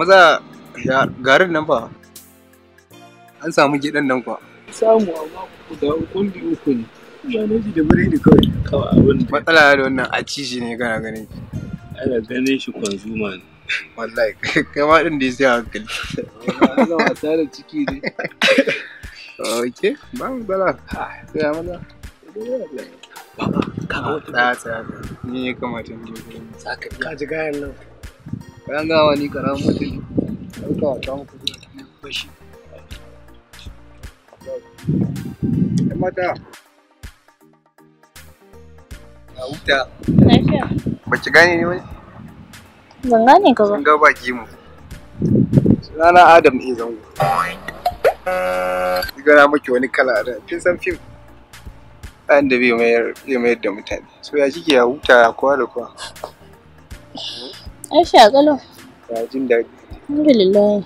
maza garin nan fa an samu gidan nan kwa samu amma da kundi uku ne ya ne da kawai kawai abin matsala da wannan a ci shi ne kana ganin ana ganin shi ne wallahi kai ma din da ya sai hankali zama tare ciki ne ok ba mu sai ya maza ba ka wata. Ta ta, ni kamata je gurin. Ka ji gayan nan. bayan gawa ni mutu ta muku zuwa ya mata ba ki gane ne wani ban gane ka ba ga baki mu sunana adam zango ki gana miki wani kala da kin san fim ɗan da bai mayar da mutane so ya kike ya huta da Ai sha galo. Ya jin daɗi. Alhamdulillah.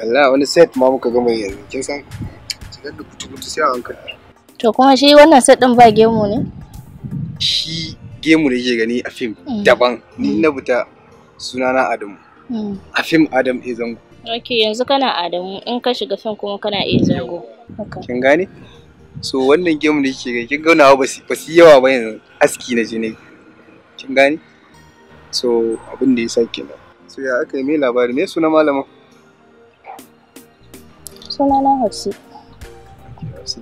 Allah wani set ma muka gama yanzu kin san cikar da kutu-kutu sai a hankali. To kuma shi wannan set ɗin ba gemu ne? Shi gemu da ke gani a fim mm. daban ni mm. na buta sunana Adamu. Mm. A fim Adam E zango. Ok yanzu kana Adamu in ka shiga fim kuma kana E zango. Kin gane? So wannan gemu da ke gani kin gauna ba su yawa ba yanzu aski na je ne. Kin gane? so abin da ya sa nan so ya aka yi mai labari me suna malamin suna na hafsi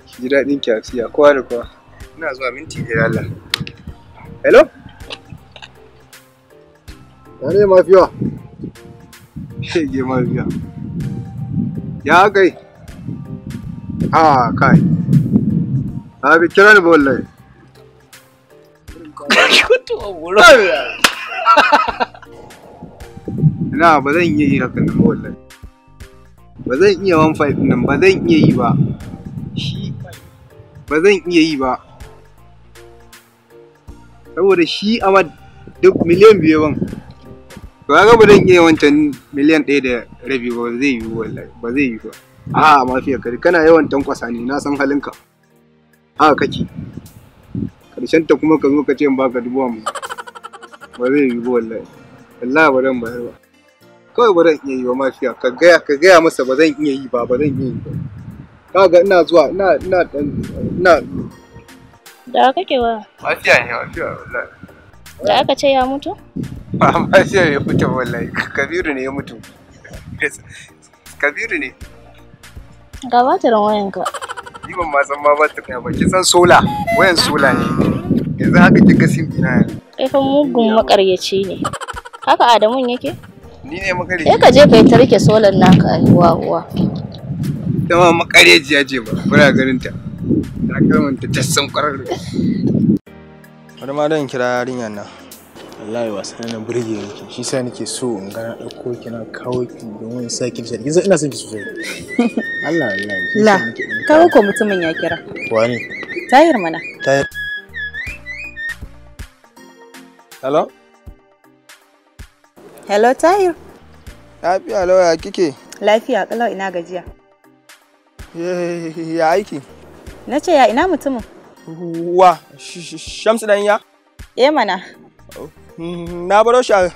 ki ji daɗin ki hafsi ya kowa da kowa ina zuwa minti da yalla. hello ya ne mafiya shege mafiya ya yi a kai abi kira ni ba wallahi Kutu na ba zan iya yi hakan nan wallahi ba zan iya 15 nan ba zan iya yi ba shi ba zan iya yi ba saboda shi amma duk miliyan biyu ban to ga ba zan iya wancan miliyan ɗaya da rabi ba zai yi wallahi ba zai yi ba a mafiya kare kana yawan tankwasa ne na san halinka a kake karshen ta kuma ka zo ka ce in baka dubu hamsin ba zai yi ba wallahi wallahi ba zan bayar ba kawai ba zan iya yi ba mafiya ka gaya ka gaya masa ba zan iya yi ba ba zan iya yi ba Ka ga ina zuwa ina ina ina da kake wa mafiya ne mafiya wallahi da aka ce ya mutu ba mafiya ya mutu wallahi kabiru ne ya mutu kabiru ne ga batirin wayanka ni ban ma san ma batirin ba kin san sola wayan sola ne yanzu haka kika sim ina yanzu kaifin mugun makaryaci ne haka adamun yake ni ne makaryaci eh ka je kai tarke solan naka uwa uwa dama makaryaci ya ce ba bura ganin ta ta kalmanta ta tassan kwarar wani ma don kira yarinyar nan wallahi wasan na burge yake shi sa nake so in ga na dauko ki na kawo ki domin in saki ki kin san ina son ki sosai Allah wallahi la kawo ko mutumin ya kira wani tayar mana tayar Hello? Hello, Tahir. Lafiya lauya kike? Lafiya kala ina gajiya. Ya aiki? Na ce ya ina mutumin? Wa, Shamsu dan ya? Eh mana. Oh, hmm, na baro shi a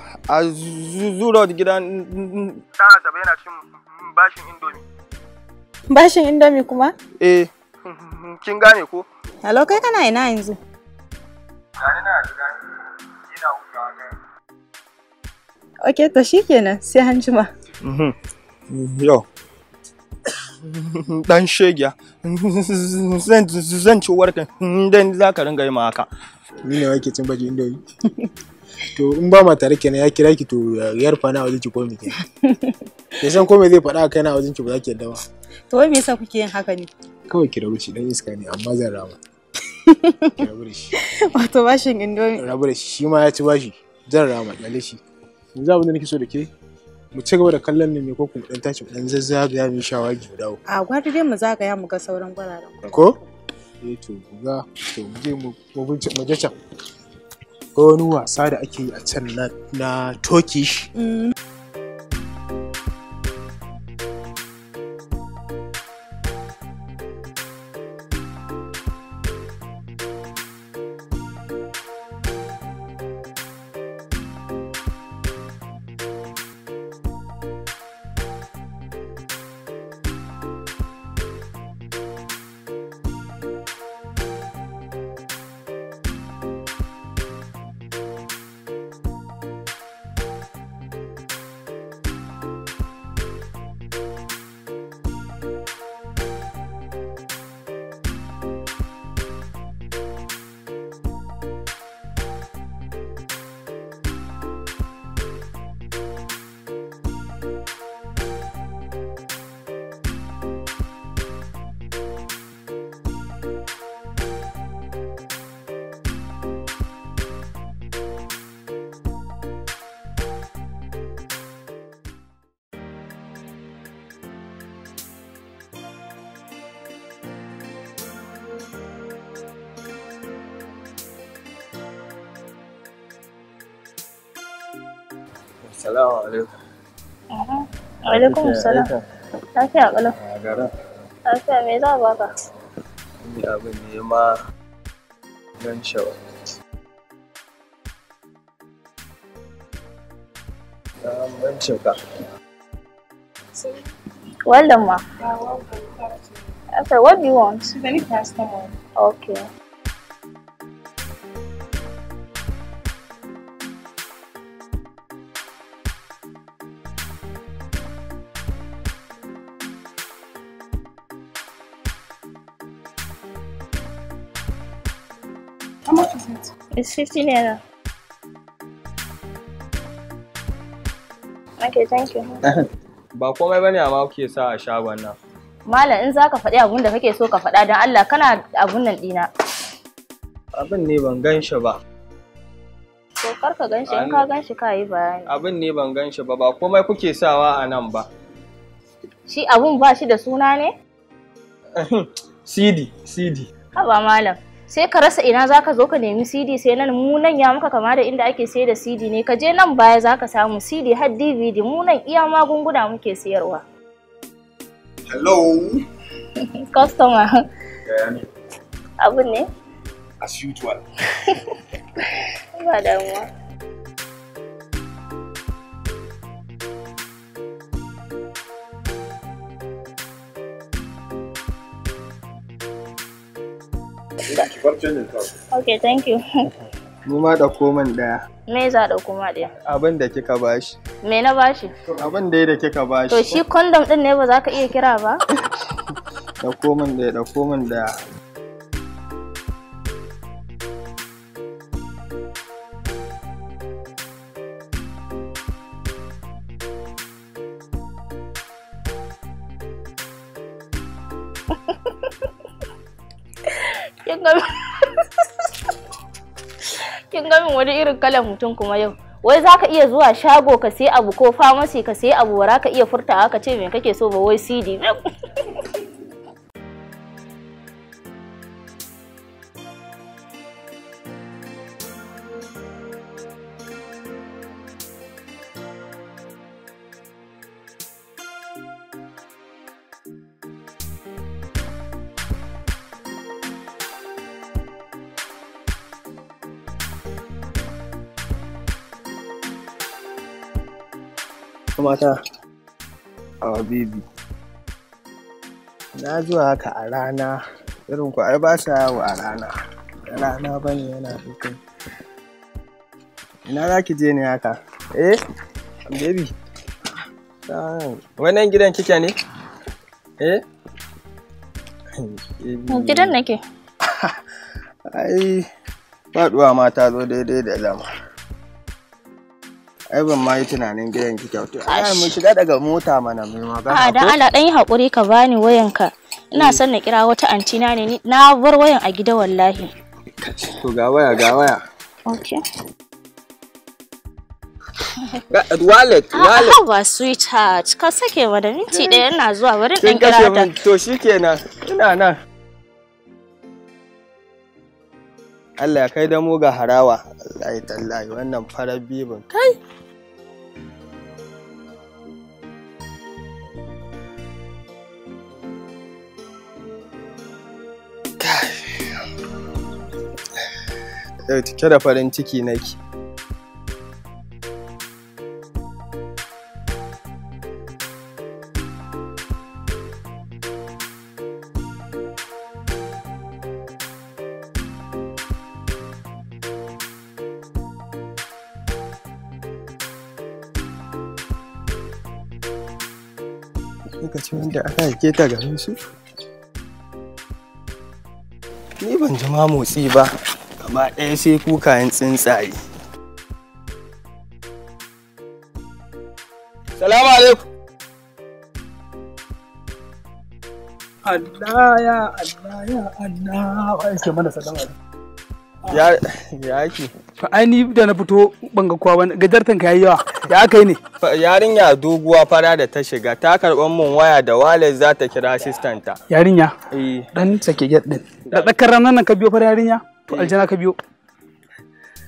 Zuro gidan hmm, hmm. da Asabe yana cin bashin Indomi. Bashin Indomi kuma? Eh. Kin gane ko? Hello, kai kana ina yanzu? ok to shikenan sai an jima mhm. yau dan shegiya zan ci warkan dan za ka ringa yi ma haka ni ne wake cin baji indomi to in ba ma tare kenan ya kira ki to yar fa na wajen ki komi ke. ya san komai zai faɗa kai na wajen ki ba za ki yadda ba to wai me yasa kuke yin haka ne kawai ki rabu shi dan iska ne amma zan rama ki wato bashin indomi rabu da shi shi ma ya ci bashi zan rama lalle shi yanzu abin da nake so da ke mu ci gaba da kallon ne mai ko ku dan tashi dan zazzagaya mai shawagi dawo a gwada dai mu zagaya mu ga sauran gwararen ko eh to ga to mu je mu mu je can ko wani wasa da ake yi a can na na Turkish mm. السلام عليكم وعليكم السلام lafiya ƙalau lafiya me za a baka ni abin ne ma gan shawa ban shauka well done ma after what do you want very fast okay It's 50 naira. Okay, thank you. Ba komai bane amma kuke sa a shagon nan. Malam in za ka faɗi abun da kake so ka faɗa don Allah kana abun nan ɗina. Abin ne ban gan shi ba. To kar ka gan shi in ka gan shi ka yi bayani. Abin ne ban gan shi ba ba komai kuke sawa a nan ba. Shi abun ba shi da suna ne? CD, CD. Haba malam. sai ka rasa ina zaka zo ka nemi CD sai nan mu nan ya maka kama da inda ake sayar da CD ne ka je nan baya zaka samu CD har DVD mu nan iya magunguna muke sayarwa Hello customer abun ne as usual ba damuwa Ok, thank you. Ni ma da komin daya. Me za da koma daya? Abin da kika bashi. Me na bashi? Abin da da kika bashi. To shi kondom din ne ba za ka iya kira ba? Da komin daya, da komin daya. kin ga min wani irin kalan mutum kuma yau wai za ka iya zuwa shago ka sai abu ko famasi ka sai abu wara ka iya furta ka ce me kake so ba wai cd mata a baby na zuwa haka a rana irin ku ai ba sa yawo a rana rana ba ne yana hukun ina za ki je ne haka eh baby wannan gidan kike ne eh gidan nake ai faduwa mata zo daidai da zama ai ban ma yi tunanin gidan ki kyautu ai mun shiga daga mota mana mai magana a ah, da Allah dan yi hakuri ka bani wayanka ina eh. son na kira wata na ne na bar wayan a gida wallahi to ga waya ga waya okay wallet ah, ah, wallet ba sweetheart ka sake wa da minti eh. ɗaya ina zuwa wurin dan kira ta to shikenan ina nan Allah ya kai da mu ga harawa Allah ya tallahi wannan farar bibin kai Yau cike da farin ciki nake lokacin wanda aka hake ta garin su ni ban ji ma motsi ba gaba ɗaya sai kukayen tsuntsaye salamu alaikum Allah ya Allah ya Allah ya mana ya ya Fa aini da na fito banga kowa wani gajartan ka yayi yawa ya aka yi ne yarinya doguwa fara da ta shiga ta karban mun waya da wale za ta kira assistant ta yarinya eh. dan sake get din da tsakar ranar nan ka biyo fara yarinya to eh. aljana ka biyo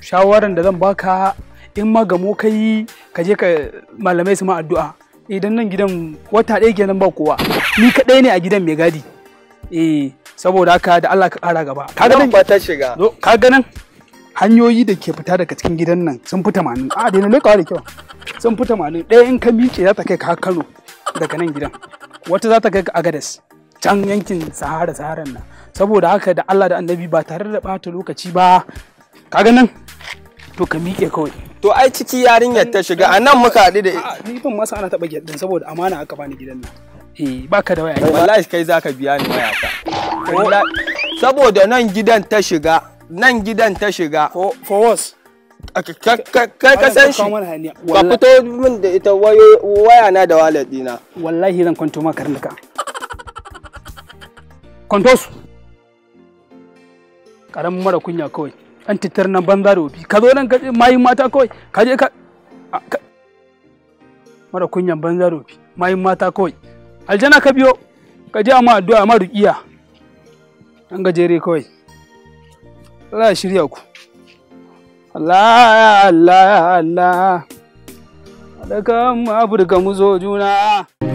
shawaran da zan baka in ma gamo kai ka je ka malamai su ma addu'a idan nan gidan wata ɗaya kenan ba kowa ni kaɗai ne a gidan mai gadi eh saboda haka da Allah ka ƙara gaba Ka nan ba ta shiga kaga nan hanyoyi da ke fita daga cikin gidan nan sun fi tamanin a daina lekawa da kyau sun fi tamanin ɗaya in ka miƙe za ta kai ka kano daga nan gidan wata za ta kai ka agadas can yankin sahara saharan nan saboda haka da allah da annabi ba tare da ɓata lokaci ba kaga nan to ka miƙe kawai to ai ciki yarinyar ta shiga a nan muka haɗu da ni ban masa ana taɓa gyaɗin saboda amana aka bani gidan nan eh ka da waya wallahi kai zaka biya ni waya saboda nan gidan ta shiga nan gidan ta shiga for us kai ka san shi ka fito min da ita waya na da wallet dina wallahi zan kwanto maka karnuka kwanto su karamin mara kunya kawai an titar nan banza da wofi ka zo nan ka mayin mata kawai ka je ka mara kunyan banza da wofi mayin mata kawai aljana ka biyo ka je amma addu'a amma ruqiya an gajere kawai Allah ya shirya ku. Allah Allah Allah. Da kan mu afirka mu zo juna.